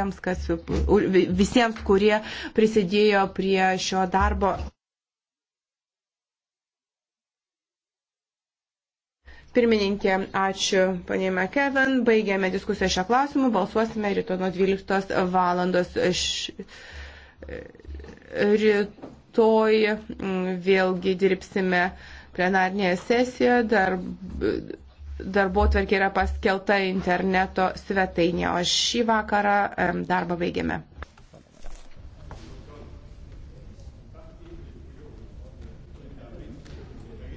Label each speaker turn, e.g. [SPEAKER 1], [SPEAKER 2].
[SPEAKER 1] tiems, kas, visiems, kurie prisidėjo prie šio darbo. Pirmininkė, ačiū panė McKevin. Baigėme diskusiją šią klausimą. Balsuosime ryto nuo 12 valandos. Rytoj vėlgi dirbsime plenarnėje sesijoje. Dar darbo tvarkė yra paskelta interneto svetainė, o šį vakarą darbą baigiame.